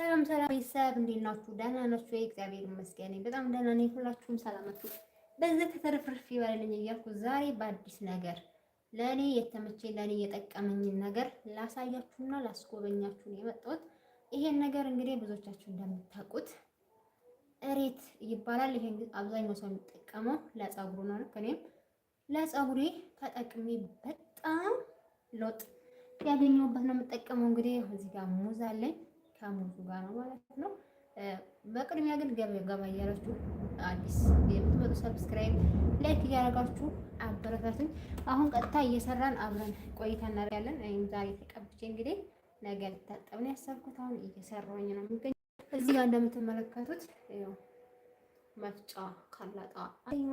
ሰላም ሰላም ቤተሰብ እንዴት ናችሁ? ደህና ናችሁ? እግዚአብሔር ይመስገን በጣም ደህና ነኝ። ሁላችሁም ሰላማችሁ በዚህ ተተረፍርፍ ይበልልኝ እያልኩ ዛሬ በአዲስ ነገር ለእኔ የተመቸኝ ለእኔ የጠቀመኝን ነገር ላሳያችሁና ላስጎበኛችሁ ነው የመጣሁት። ይሄን ነገር እንግዲህ ብዙዎቻችሁ እንደምታውቁት እሬት ይባላል። ይሄ አብዛኛው ሰው የሚጠቀመው ለፀጉሩ ነው። ልክ እኔም ለፀጉሬ ተጠቅሜ በጣም ለውጥ ያገኘሁበት ነው የምጠቀመው። እንግዲህ እዚህ ጋር ሙዝ አለኝ ከሙዙ ጋር ነው ማለት ነው። በቅድሚያ ግን ገባ እያላችሁ አዲስ የምትመጡ ሰብስክራይብ፣ ላይክ እያደረጋችሁ አበረታትን። አሁን ቀጥታ እየሰራን አብረን ቆይታ እናደርጋለን። እኔም ዛሬ ተቀብቼ እንግዲህ ነገ ልታጠብ ነው ያሰብኩት። አሁን እየሰራሁኝ ነው የሚገኝ። እዚህ ጋር እንደምትመለከቱት መፍጫ ካላጣ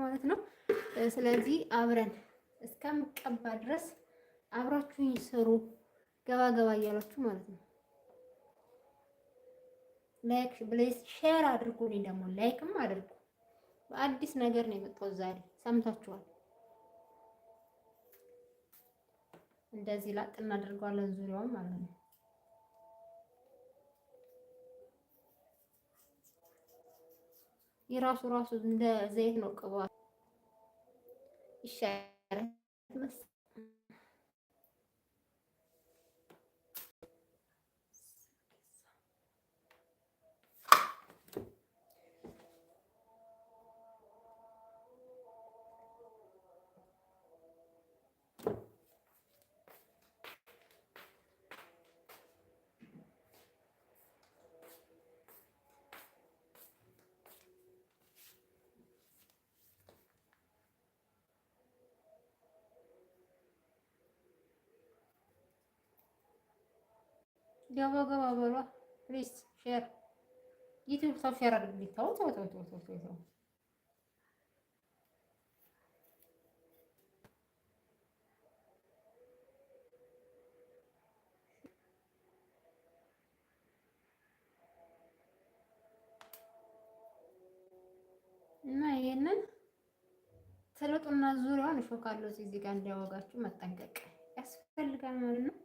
ማለት ነው። ስለዚህ አብረን እስከምቀባ ድረስ አብራችሁኝ ስሩ፣ ገባ ገባ እያላችሁ ማለት ነው። ላይክ ብሌስ ሼር አድርጉልኝ፣ ደግሞ ላይክም አድርጉ። በአዲስ ነገር ነው የመጣው ዛሬ ሰምታችኋል። እንደዚህ ላጥ እናደርገዋለን ዙሪያውን ማለት ነው። የራሱ ራሱ እንደ ዘይት ነው ቅባት ይሻላል። ገባ ገባ በሏ። ፕሊስ ሼር ዩቲዩብ ሰው ሼር አድርግልኝ። ተው ተው ተው ተው ተው ተው። እና ይሄንን ትልጡና ዙሪያውን እሾካለሁ እዚህ ጋር እንዲያወጋችሁ መጠንቀቅ ያስፈልጋል ማለት ነው።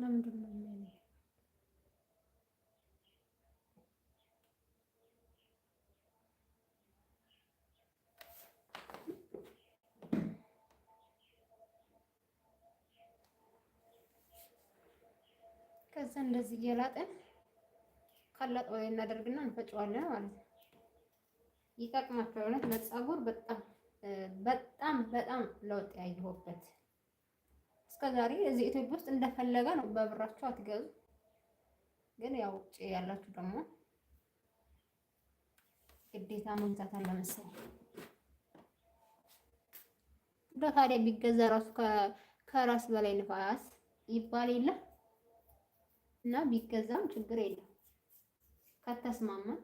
ለምንድን ነው የሚያኔ ከዛ እንደዚህ እየላጠን ካላጥ ወይ እናደርግና እንፈጨዋለን ማለት ነው። ይጠቅማቸው እውነት ለፀጉር በጣም በጣም በጣም ለውጥ ያየሁበት እስከዛሬ እዚህ ኢትዮጵያ ውስጥ እንደፈለገ ነው በብራችሁ አትገዙ። ግን ያው ውጭ ያላችሁ ደግሞ ግዴታ መግዛት አለ መሰለኝ። እንደው ታዲያ ቢገዛ ራሱ ከራስ በላይ ንፋስ ይባል የለ እና ቢገዛም ችግር የለም ከተስማማን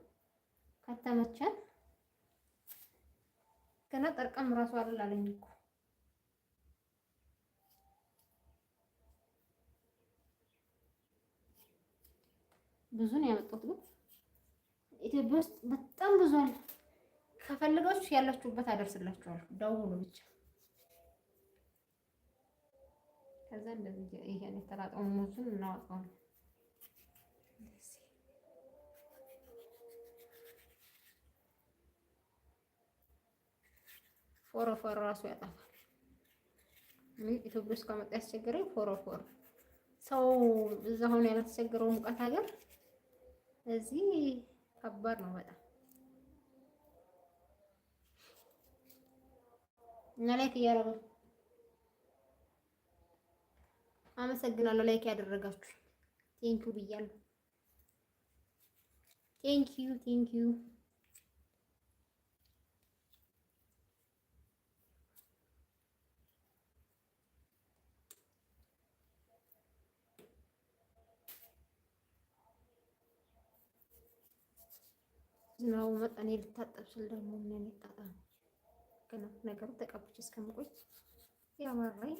ከተመቸን ገና ጠርቀም ራሱ አላለኝ እኮ ብዙ ነው ያመጣሁት፣ ግን ኢትዮጵያ ውስጥ በጣም ብዙ አለ። ከፈለጋችሁ ያላችሁበት አደርስላችኋለሁ። ደውሉ ብቻ። ከዛ እንደዚህ ይሄን የተላጠሙ ሙዙን እናወጣዋለን። ፎረፎር ራሱ ያጠፋል። ኢትዮጵያ ውስጥ ከመጣ ያስቸገረኝ ፎረፎር ሰው እዛ ሆኖ ያልተቸገረው ሙቀት ሀገር እዚህ ከባድ ነው በጣም እና ላይክ እያረጉ አመሰግናለሁ። ላይክ ያደረጋችሁ ቴንኪዩ ብያለሁ። ቴንኪዩ ቴንኪዩ ዝናቡ መጠን ልታጠብ ስል ደግሞ ምን የሚጣጣ ነው? ነገሩ ተቀብቼ እስከምቆይ ያመራኝ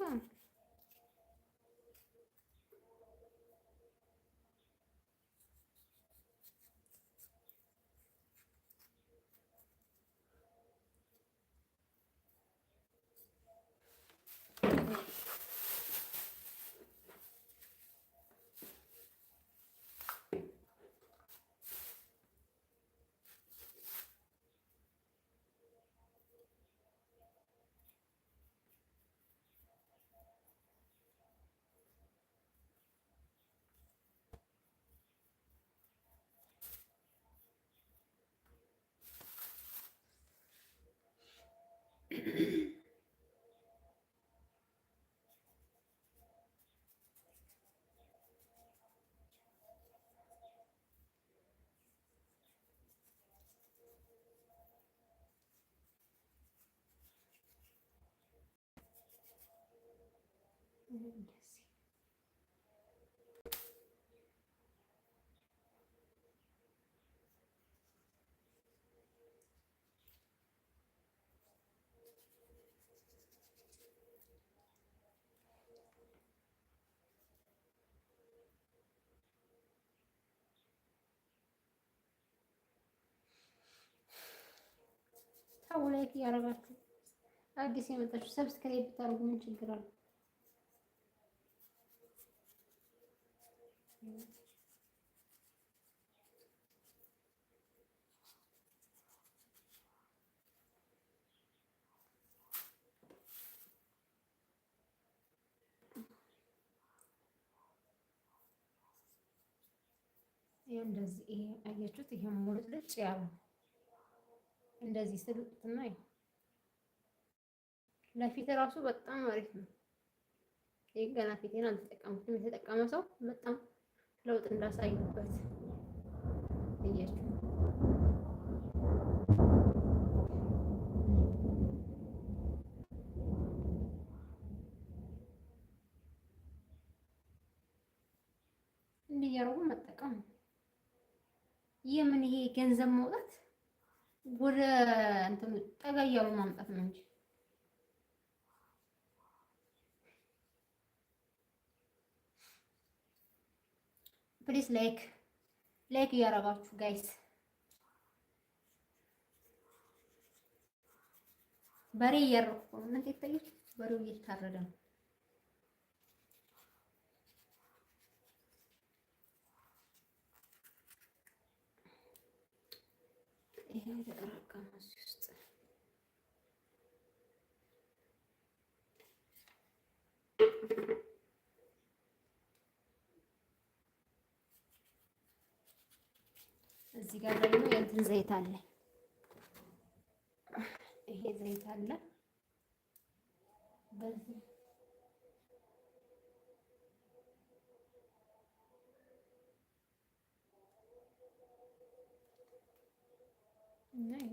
እንደዚህ ታው ላይክ እያደረጋችሁ አዲስ የመጣችሁ ሰብስክራይብ ብታደርጉ ምን ችግር አለው? እንደዚህ ይሄ አያችሁት? ይሄ ሙልጭ ያለ እንደዚህ ስልጥና ለፊት ራሱ በጣም አሪፍ ነው። ይሄ ገና ፊቴን አልተጠቀምኩትም። የተጠቀመ ሰው በጣም ለውጥ እንዳሳዩበት እያችሁ እንዲያረጉ መጠቀም የምን ይሄ ገንዘብ መውጣት ወደ እንትን ጠጋ ማምጣት ነው እንጂ ፕሊስ ላይክ ላይክ እያረጋችሁ ጋይስ በሬ እያረኩ ነው። እናንተ የታየች በሬው እየታረደ ነው። ይሄ ተጠራቀመ ውስጥ ጋር ደግሞ የእንትን ዘይት አለ። ይሄ ዘይት አለ። በዚህ እና ይሄ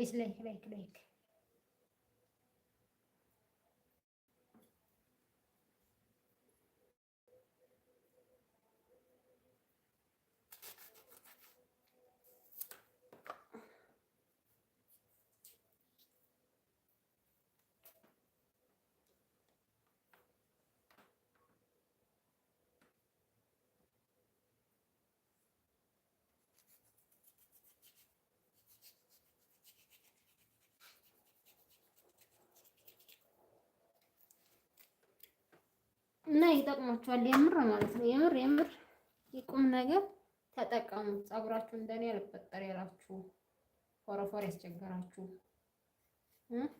വിസിലേക്ക് wake wake እና ይጠቅማችኋል። የምር ማለት ነው። የምር የምር የቁም ነገር ተጠቀሙት። ጸጉራችሁ እንደኔ አልፈጠር ያላችሁ ፎረፎር ያስቸገራችሁ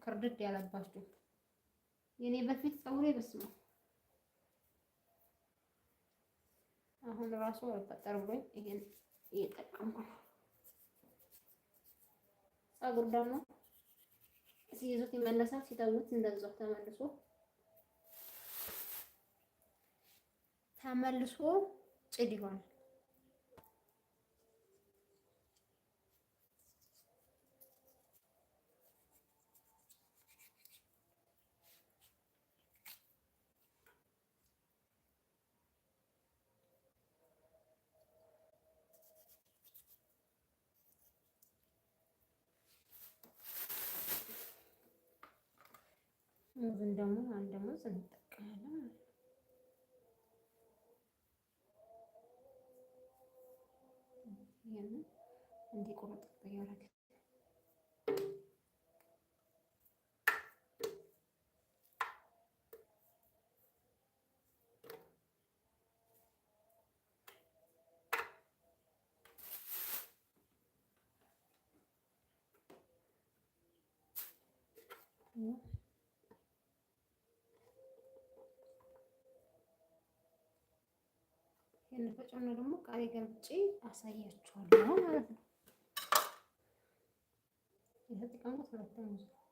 ክርድድ ያለባችሁ የኔ በፊት ጸጉሬ በስመ አብ አሁን ራሱ አልፈጠር ብሎኝ ይሄን እየጠቀምኩ ነው። ጸጉር ደግሞ ሲይዙት ይመለሳል፣ ሲተዉት እንደዛው ተመልሶ ተመልሶ ጭድ ይሆናል። ሙዝን ደግሞ አንድ ሙዝ እንጠቀማለን ነው። ያንን እንዲቆረጥ ያደረገ ነው። ነው ደግሞ ቃሪ ገልብጬ አሳያችኋለሁ ማለት ነው። የተጠቀምኩት ሁለት ነው።